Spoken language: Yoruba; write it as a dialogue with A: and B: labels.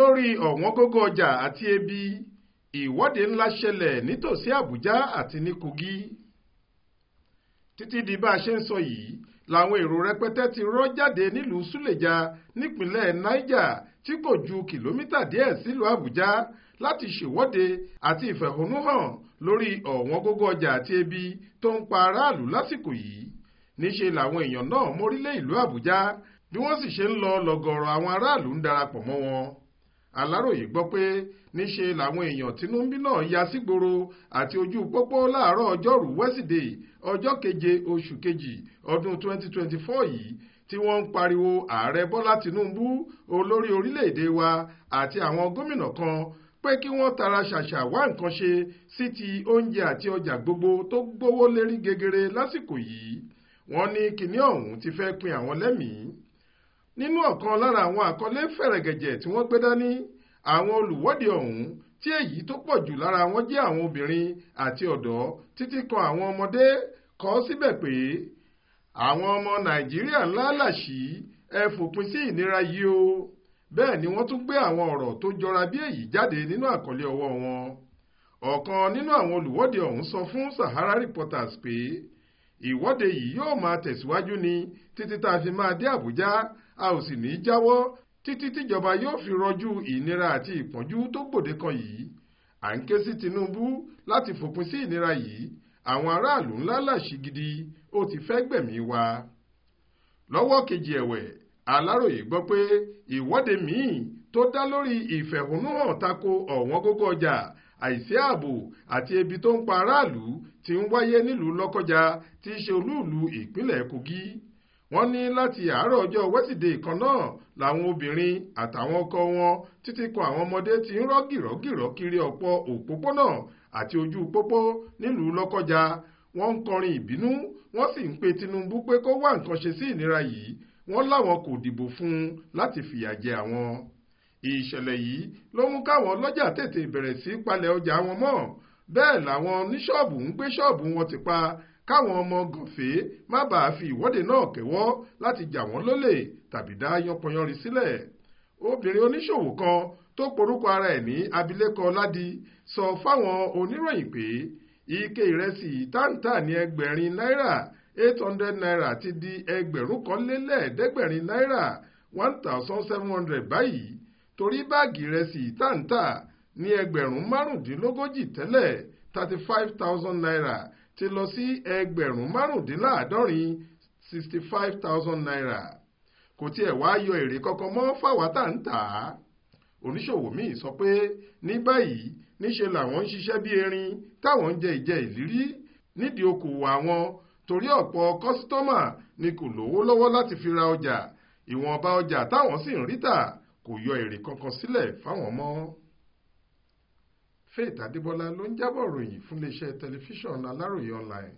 A: lórí ọ̀wọ́n gógó ọjà àti ebi ìwọ́de ńlá ṣẹlẹ̀ nítòsí àbújá àti ní kogi títí di bá a ṣe ń sọ yìí làwọn èrò rẹpẹtẹ ti rọ́ jáde nílùú súlẹ̀já nípínlẹ̀ niger tí kò ju kìlómítà díẹ̀ sílùú àbújá láti ṣèwọ́de àti ìfẹ̀hónúhàn lórí ọ̀wọ́n gógó ọjà àti ebi tó ń pa aráàlú lásìkò yìí níṣe làwọn èèyàn náà mórílẹ̀ ìlú àbújá bí wọ́n sì ṣe ń lọ lọ́gọ̀ọ̀rọ̀ àwọn aráàlú ń darapọ̀ mọ́ wọn aláròye gbọ́ pé níṣe làwọn èèyàn tínúbí náà ya sígboro àti ojú pópó láàárọ̀ ọjọ́rùú wẹ́sídẹ̀ẹ́ ọjọ́ keje oṣù kejì ọdún 2024 yìí tí wọ́n ń pariwo ààrẹ bọ́lá tínúbù olórí orílẹ̀-èdè wa àti àwọn gómìnà kan pé kí wọ́n tara ṣàṣà wá nǹkan ṣe sí ti oúnjẹ àti ọjà gbogbo tó gbówó lérí gegere lásìkò yìí wọ́n ní kinní ọ̀hún ti fẹ́ pin àwọn lẹ́mìí nínú ọ̀kan lára àwọn àkọlé fẹ̀rẹ̀gẹ̀jẹ̀ tí wọ́n gbé dání àwọn olùwọ́de ọ̀hún tí èyí tó pọ̀ jù lára wọn jẹ́ àwọn obìnrin àti ọ̀dọ́ títí kan àwọn ọmọdé kọ síbẹ̀ pé àwọn ọmọ nàìjíríà ńlá làṣì ẹ fòpin sí ìnira yìí o bẹ́ẹ̀ ni wọ́n tún gbé àwọn ọ̀rọ̀ tó jọra bí èyí jáde nínú àkọlé ọwọ́ wọn ọ̀kan nínú àwọn olùwọ́de ọ̀hún sọ fún Sahara Reporters pé ìwọ́de yìí yóò máa tẹ̀síwájú ni títí tá a fi máa dé Àbújá a ò sì ní í jáwọ́ títí tíjọba yóò fi rọjú ìnira àti ìpọ́njú tó gbòde kan yìí à ń ké sí Tinubu láti fòpin sí ìnira yìí àwọn aráàlú ńlá làṣì gidi ó ti fẹ́ gbẹ̀mí wa lọ́wọ́ kejì ẹ̀wẹ̀ Aláròyé gbọ́ pé ìwọ́de míì tó dá lórí ìfẹ̀hónúhàn tako ọ̀wọ́n gógó ọjà àìsí ààbò àti ebi tó ń pa aráàlú ti ń wáyé nílùú lọ́kọ́já tí í ṣe olúùlú ìpínlẹ̀ kogi wọ́n ní láti àárọ̀ ọjọ́ wẹ́sídẹ̀ẹ́ kan náà làwọn obìnrin àtàwọn ọkọ wọn títí kan àwọn ọmọdé ti ń rọ́gìrọ́gìrọ́ kiri ọ̀pọ̀ òpópónà àti ojú pópó nílùú lọ́kọ́já wọ́n ń kọrin ìbínú wọ́n sì ń pe tinubu pé kó wá nǹkan ṣe sí ìnira yìí wọ́n láwọn kò dìbò fún un láti fìyà jẹ àwọn ìṣẹ̀lẹ̀ yìí ló mú káwọn ọlọ́jà tètè bẹ̀rẹ̀ sí palẹ̀ ọjà wọn mọ́ bẹ́ẹ̀ làwọn oníṣọ́ọ̀bù ń gbé ṣọ́ọ̀bù wọn ti pa káwọn ọmọ gànfẹ́ má bàa fi ìwọ́de náà kẹ́wọ́ láti jà wọ́n lólè tàbí dá yánpọnyánrin sílẹ̀ obìnrin oníṣòwò kan tó porúkọ ara ẹ̀ ní abilékọ ládi sọ fáwọn oníròyìn pé ike ìrẹsì táǹtà ní ẹgbẹ̀rin náírà eight hundred naira ti di ẹgbẹ̀rún kan lé lẹ́ẹ̀ẹ́dẹ́gbẹ̀rin náírà one thousand seven hundred báyìí torí báàgì ìrẹsì ìtàǹtà ní ẹgbẹ̀rún márùndínlógójì tẹ́lẹ̀ thirty five thousand naira ti lọ sí ẹgbẹ̀rún márùndínláàádọ́rin sixty five thousand naira kò tiẹ̀ wá yọ èrè kankan mọ́ fáwa tá ń tà á oníṣòwò míì sọ pé ní báyìí níṣe làwọn ń ṣiṣẹ́ bí erin táwọn ń jẹ ìjẹ ìlírí nídìí okòwò àwọn torí ọ̀pọ̀ kọ́sítọ́mà ni kò lówó lọ́wọ́ láti fi ra ọjà ìwọ̀nba ọjà táwọn sì ń rí tà kò yọ èrè kankan sílẹ̀ fáwọn mọ́. Faith Adébọ́lá ló ń jábọ̀ ròyìn fún iléeṣẹ́ tẹlifíṣàn Aláròye online.